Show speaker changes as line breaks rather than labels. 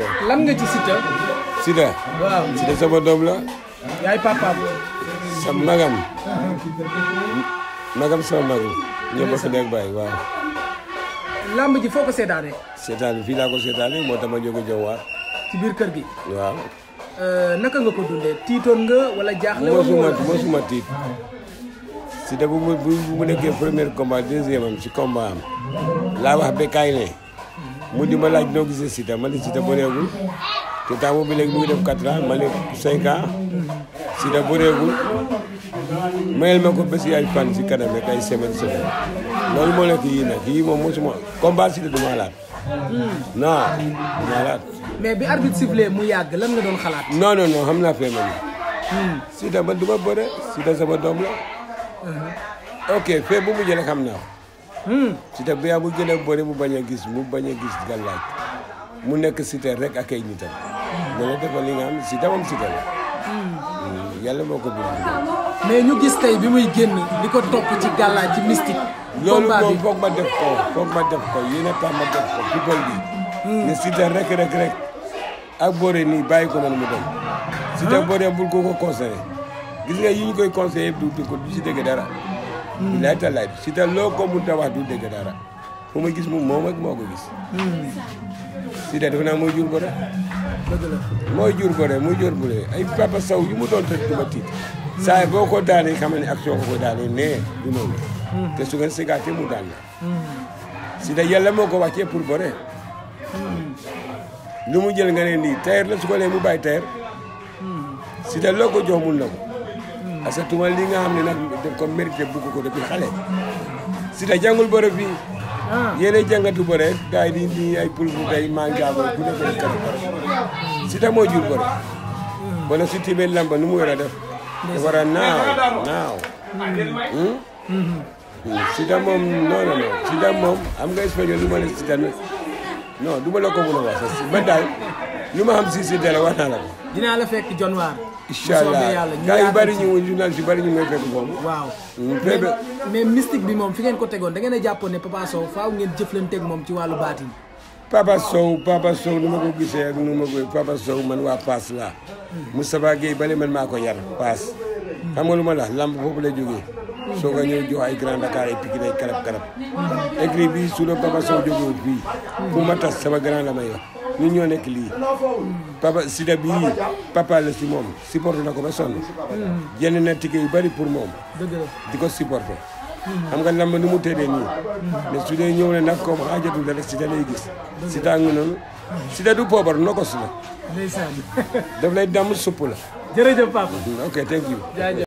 lan nga ci Siteu. Siteu. waaw sama doom la. yaay papaam. sam nagam. nagam sama mag ñëpp a fi nekk bàyyi waaw. lamb ji foo seetaane. seetaane fii laa ko seetaane moo tax ma jóge jawwaar. ci biir kër gi. waaw. Euh, naka nga ko dundee tiitoon nga wala jaaxle. wala mosuma mosuma tiit. Siteu bu ci combat laa wax ba ne. mu di ma laaj noo gisee Siteu ma ne Siteu bëreegul te temps bi léegi mu ngi def 4 ans ma ne 5 ans Siteu bëreegul mayel ma ko bés yi ay fan si kanam rek ay semaine semaine loolu moo nekk yii nag yii moom mosuma combat Siteu du ma laat hmm. du ma laat mais bi arbitre sifflé mu yàgg lan nga doon xalaat noo non non xam naa fee ma nii hmm. Siteu man du ma bëre Siteu sama doom la uh-huh. ok fee bu mu jëlee xam naa Hmm. Siteu bu yaa bu gënee bëri mu bañ a gis mu bañ a gis gàllaaj mu nekk Siteu rek ak ay nitam. Hmm. nga la defal li nga xam Siteu moom Siteu la. Hmm. yàlla moo ko bind. mais ñu gis tey bi muy génn li ko topp ci gàllaaj ci mystique. loolu moom foog ma def ko foog ma def ko yéen a tax ma def ko people bi. ne Siteu rek rek rek ak boore nii bàyyi ko noonu mu dem. Siteu boore bul ko ko conseillé. gis nga yi ñu koy conseillé du ko du ci dégg dara. billaay mm. tallaay si te loo ko mun ta wax du dégg dara fu ma gis moom moom ak moo ko gis mm. si te defe naa mooy jur gore mooy jur gore mu jur bu ay papa saw yu mu doon tëj du ma tiit saa yi boo ko daanee xam ni action ko ko daanee nee du noonu mm. te su ngeen sëgaatee mu daan la si te yàlla moo ko wàccee pour gore lu mu jël nga ne lii tayer mu bàyyi tayer si te loo ko jox na ko asatuma li nga xam ne nag daf ko mérité bugg ko depuis xale si ta jàngul bëre fii ah. yéen a jàngatu bëre gars yi di di ay pul bu day maa ngi jaago bu nekk katu bëre si ta moo jur bëre hmm. si tibee lamba nu mu war a def da war a naaw naaw hmm. hmm. si ta moom non non non moom am nga spécial lu ma ne si no du ma la ko mën a wax sax man daal lu ma xam si si dara wax naa la ko. dinaa la fekk januar. incha allah gars yi bëri ñu journaliste yi bëri ñu ngay fekk foofu. waaw mm, mais mais mystique bi moom fi ngeen ko tegoon da ngeen a jàppoon ne Papa Sow faaw ngeen jëflanteeg moom ci wàllu baatin. Papa Sow Papa Sow ni ma ko gisee ak nu ma ko Papa Sow man waa Paas laa. Mm. Moustapha Guèye bale man maa ko yar Paas. xam nga lu ma la lamb foofu la jógee. soo ko ñëw jox ay Grand Dakar ay Pikine ay karab karab. écrit bi su la Papa Sow jógee fii. ku ma tas sama grand la may wax ñun ñoo nekk lii. papa sida bi papa la si moom supporté na ko ba sonn. jënd na ticket yu bari pour moom. di ko supporté. xam nga lamb ni mu tëddee nii. mais su dee ñëw ne nag comme xaajatul rek si da lay gis. si daa ngi noonu. si da du poobar nokos la. ndeysaan. daf lay damm supp la. jërëjëf papa. ok thank you.